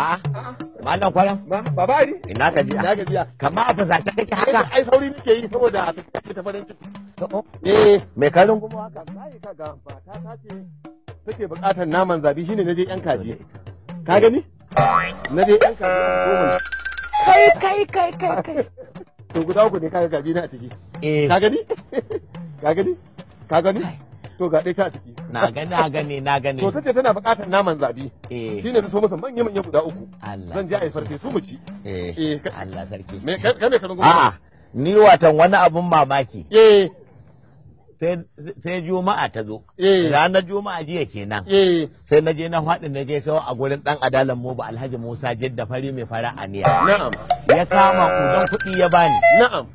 a malam kwalam baba ni ina ka jiya ina ka jiya kamar a fusace kake haka ai sauri nake yi saboda kake ta farin ciki eh me karin kuma haka sai ka ga ba ta tace take bukatar naman zabi shine naje yan kaji ka gani naje yan kaji kai kai kai kai kai to guda uku ne kaga gabi na a ciki Eh. ka gani ka gani ka gani to ga ɗaya ta a ciki na gani na gani na gani to ta ce tana bukatar naman zabi eh. shi ne ta so manya manya guda uku zan ji a yi su mu ci eh, eh Allah sarki me ka me kaman a'a ni watan wani abun mamaki eh sai juma'a ta zo eh. ranar juma'a jiya kenan sai na je na faɗi na je sau a gurin ɗan adalan mu ba alhaji musa jidda fari mai fara aniya ya kama kudan kuɗi ya bani na'am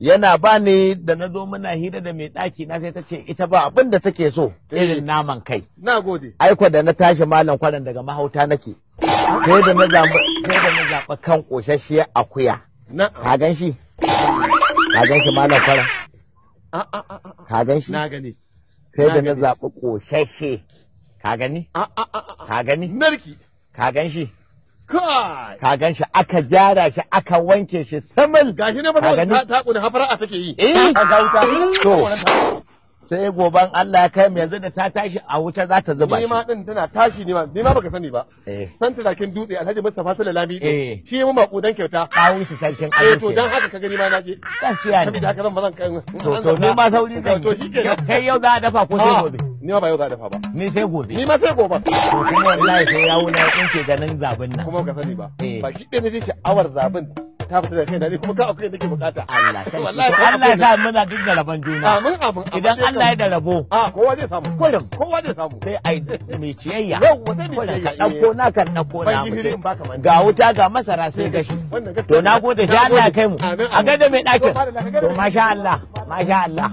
yana ba ni da na zo muna hira da mai ɗaki na sai ta ce ita ba abin da take so irin eh. naman kai. Na gode. Aiko da na tashi malam kwanan daga mahauta nake. Sai da na zaɓi kan ƙoshashiyar akuya. Ka gan shi? Ka gan shi malam kwanan? Ka gan shi? Na gani. Sai da na zaɓi ƙoshashe. Ka gani? Ka gani? Narki. Ka gan shi? ka gan shi aka gyara shi aka wanke shi saman gashi ne ba ta kuda hafara a take yi eh ka ga wuta to sai goban Allah ya kai yanzu da ta tashi a wuta za ta zuba shi ma din tana tashi ne ma ni ma baka sani ba eh. san turakin dutse Alhaji Mustafa Sallallahu alaihi eh. shi mu makudan kyauta kawun su sarkin Allah eh, to dan haka ka gani ma na je gaskiya ne saboda haka zan ba zan kai to to ni ma sauri zan to shi kai yau za a dafa ko sai gobe ni ma ba yau za a dafa ba ni sai gobe ni ma sai gobe to kuma wallahi sai ya wuna in ke ganin zabin nan kuma ka sani ba eh. ba ki dai ne sha'awar zabin ta fita da kai da ni kuma ka akwai nake bukata Allah wallahi Allah ya sa na duk da rabon juna amin amin idan Allah ya da rabo a kowa zai samu kullum kowa zai samu sai ai mai ciyayya yau sai mai ciyayya ka dauko na kan dauko na mu ga wuta ga masara sai gashi to na gode sai Allah ya kai mu a da mai dakin to masha Allah masha Allah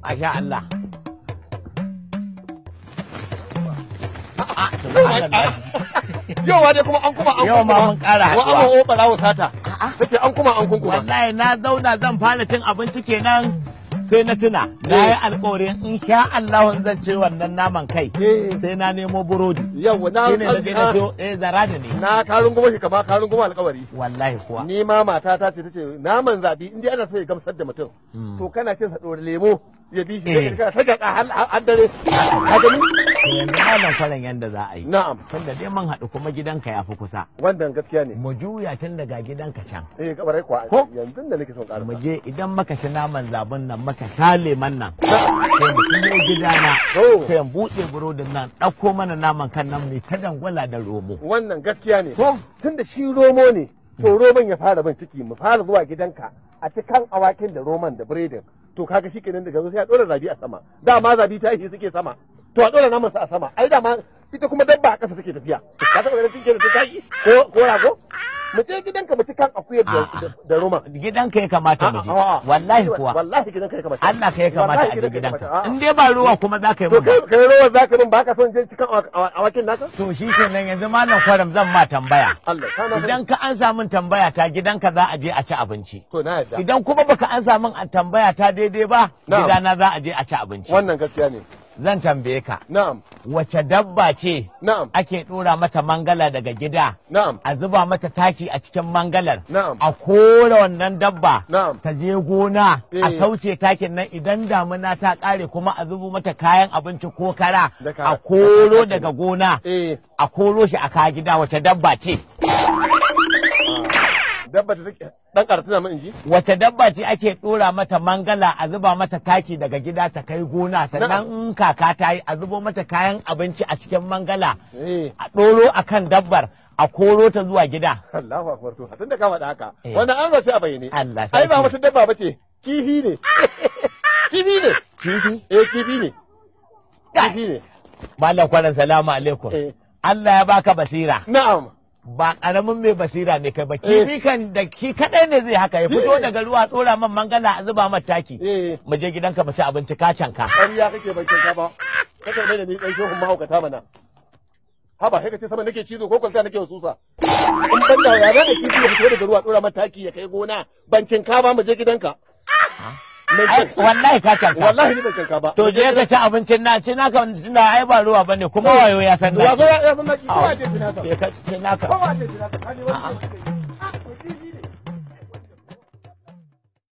masha Allah yau ne kuma an kuma an yau ma mun kara haɗuwa wa amma obara wa sata tace an kuma an kunkuma wallahi na zauna zan fara cin abinci kenan sai na tuna na yi alkawarin in sha Allah zan ci wannan naman kai sai na nemo burodi yau na shine da na so eh zara ne na karun goma shi kama karun goma alkawari wallahi kuwa ni ma mata ta ce tace naman zabi in dai ana so ya gamsar da mutum to kana cin sa dore lemo ya bi shi sai ka saka har dare ka gani yanzu malam kwaran yanda za a yi na'am tunda dai mun haɗu kuma gidanka ya fi kusa wannan gaskiya ne mu juya tun daga gidanka can eh kabarai kwa ko yanzu da nake son ƙara mu je idan maka ci naman zabun nan maka sha leman nan sai mu kije gidana sai mu buɗe burodin nan ɗauko mana naman kan nan mai ta dangwala da romo wannan gaskiya ne ko tunda shi romo ne to roman ya fara bin ciki mu fara zuwa gidanka a cikin awakin da roman da biredin to kaga shi kenan daga sai ya dora zabi a sama dama zabi ta yi suke sama to a dora namansa a sama ai dama ita kuma dabba a ƙasa take tafiya ka taɓa ganin tinke da ta yi ko ko rago mu je gidanka mu ci kan akuyar da roma gidanka ya kamata mu je wallahi kuwa wallahi gidanka ya kamata Allah ka ya kamata a je gidanka in dai ba ruwa kuma za ka yi mun to kai ruwa za ka mun ba ka son je cikan awakin naka to shi kenan yanzu malam kwaram zan ma tambaya idan ka an samun tambaya ta gidanka za a je a ci abinci to na yadda idan kuma baka an samun tambaya ta daidai ba gidana za a je a ci abinci wannan gaskiya ne zan tambaye ka na'am wace dabba ce na'am ake dora mata mangala daga gida na'am a zuba mata taki a cikin mangalar na'am a kora wannan dabba na'am ta je gona a kauce eh. takin nan idan damuna ta kare kuma a zubo mata kayan abinci ko kara a koro daga gona eh. a koro shi a ka gida wace dabba ce dabba ta take dan karatu mun inji wace dabba ce ake dora mata mangala a zuba mata taki daga gida ta kai gona sannan in kaka ta yi a zubo mata kayan abinci a cikin mangala eh. a doro akan dabbar a koro ta zuwa gida Allahu akbar to tunda ka faɗa haka eh. wannan an rasu a bayyane Allah ai ba wata dabba bace kifi ne kifi ne kifi eh kifi ne kifi ne malam kwaran salamu alaikum eh. Allah ya baka basira na'am ba karamin mai basira ne kai ba eh. kifi kan da ki kadai ne zai haka ya fito eh. daga ruwa tsora man mangala a zuba mataki eh. mu je gidanka mu ci abinci ka canka ƙarya kake ban canka ba kake mai da ni dan shehun mahaukata mana haba sai ka ce sama nake cizo ko kwalta nake wasusa in ban da ya da kifi ya fito daga ruwa tsora mataki ya kai gona ban canka ba mu je gidanka ah. wallahi ka canka wallahi ni ban canka ba to je ka ci abincin na ci naka tunda ai ba ruwa bane kuma wayo ya san na wayo ya san na ki ko a ce ci naka ko a ce ci naka